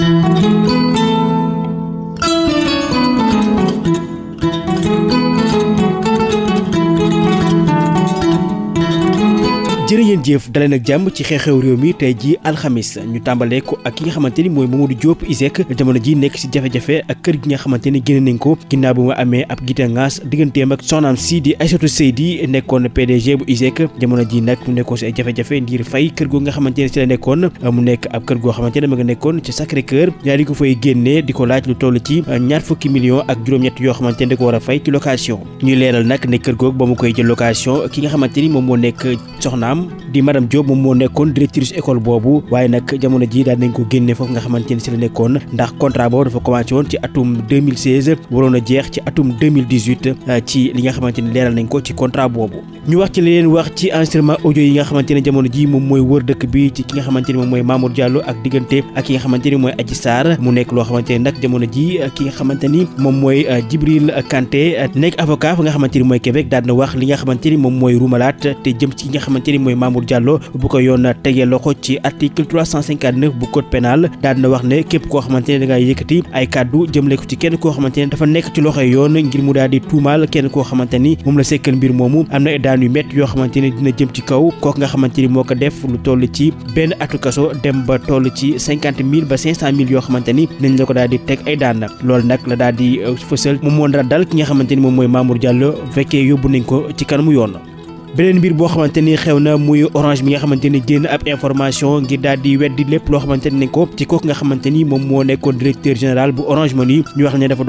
Música jërë jëf daleen ak jàmm ci xew-xew réew mi tey ji alxamis ñu tàmbalee ko ak ki nga xamante ni mooy Mamadou Diop ISEC jamono ji nekk si jafe-jafe ak kër nga xamante ni génne nañ ko ginnaaw bu mu amee ab gite ngaas digganteem ak soxnaam si di Aïssatou nekkoon PDG bu ISEC jamono ji nag mu nekkoon si ngir fay kër goo nga xamante ni si la nekkoon mu nekk ab kër goo xamante ne ma nga nekkoon ci Sacré Cœur daal di ko fay génnee di ko laaj lu toll ci ñaar fukki millions ak juróom yoo xamante ni da war a fay ci location ñuy leeral nag ne kër goog koy jël location ki nga xamante ni moom moo nekk soxnaam maam di madame Diop moom moo nekkoon directrice école boobu waaye nag jamono ji daal ko génne foofu nga xamante si la nekkoon ndax contrat boobu dafa commencé woon ci atum 2016 a jeex ci atum ci li nga xamante leeral nañ ko ci contrat boobu ñu wax ci leneen wax ci enregistrement audio yi nga xamante jamono ji moom mooy wër dëkk bi ci ki nga xamante moom mooy Mamour Diallo ak diggante ak ki nga xamante mooy Adji mu nekk loo xamante ni nag muy Mamour Diallo ko yoon tegee loxo ci article 359 bu code pénal daal na wax koo xamante ne da ngaa yëkkati ay kàddu jëmale ko ci kenn koo ne dafa nekk ci loxoy yoon ngir mu daal kenn koo xamante ni moom la sekkal mbir moomu am na daan yu métti yoo xamante dina jëm ci kaw kooku nga xamante ni moo ko def lu toll ci ba toll ci cinquante mille ba cinq cent mille yoo xamante ni nañ ko daal di teg ay daan loolu nag la daal di fësal moom moo dal ki nga moom mooy Mamour Diallo fekkee yóbbu nañ ko ci kanamu yoon beneen mbir boo xamante ni xew na muy orange bi nga xamante ni génn ab information ngir daal di lépp loo xamante ni ko ci nga xamante ni moom moo nekkoon directeur général bu orange money ñu wax ne dafa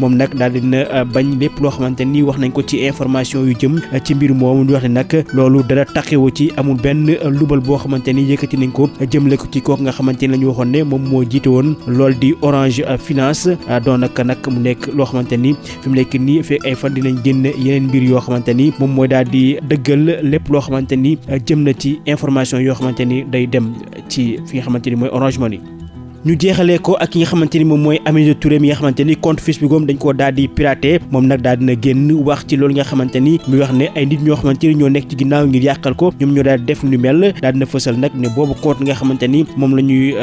moom nag daal dina euh, bañ lépp loo xamante ni wax nañ ko ci information yu jëm euh, ci mbir moomu wax ne nag loolu dara taxewu ci amul benn euh, luubal boo xamante ni yëkkati nañ ko jëmle ko ci kooku nga xamante ni la ñu waxoon ne moom moo jiite woon loolu di orange finance doon nag nag mu nekk loo xamante ni fi mu nekk nii fekk ay fan dinañ génn yeneen mbir yoo xamante ni moom mooy daal di dëggal lépp loo xamante ni jëm na ci information yoo xamante ni day dem ci fi nga xamante ni mooy Orange yi ñu jeexalee ko ak ki nga xamante ni moom mooy Aminata Touré mi nga xamante ni compte Facebook am dañ koo daal di piraté moom nag daal dina génn wax ci loolu nga xamante muy wax ne ay nit ñoo xamante ñoo nekk ci ginnaaw ngir yàqal ko ñoom ñoo daal def lu mel daal dina fësal nag ne boobu compte nga xamante moom la ñuy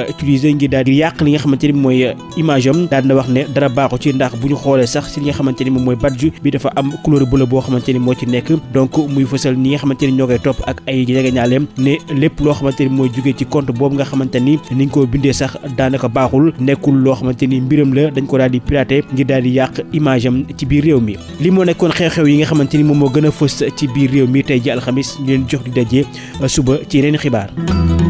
ngir daal yàq li nga xamante ni mooy image am na dina wax ne dara baaxu ci ndax bu ñu xoolee sax ci li nga xamante ni mooy badge bi dafa am couleur bleue boo xamante ni moo ci nekk donc muy fësal ñi nga xamante ni ñoo koy topp ak ay jegeñaaleem ne lépp daanaka baaxul nekkul loo xamante ni mbiram la dañ ko daal di piraté ngir daal di yàq image am ci biir réew mi li moo nekkoon xew-xew yi nga xamante ni moom moo gën a fës ci biir réew mi tey ji alxamis ñu leen jox di daje suba ci yeneen xibaar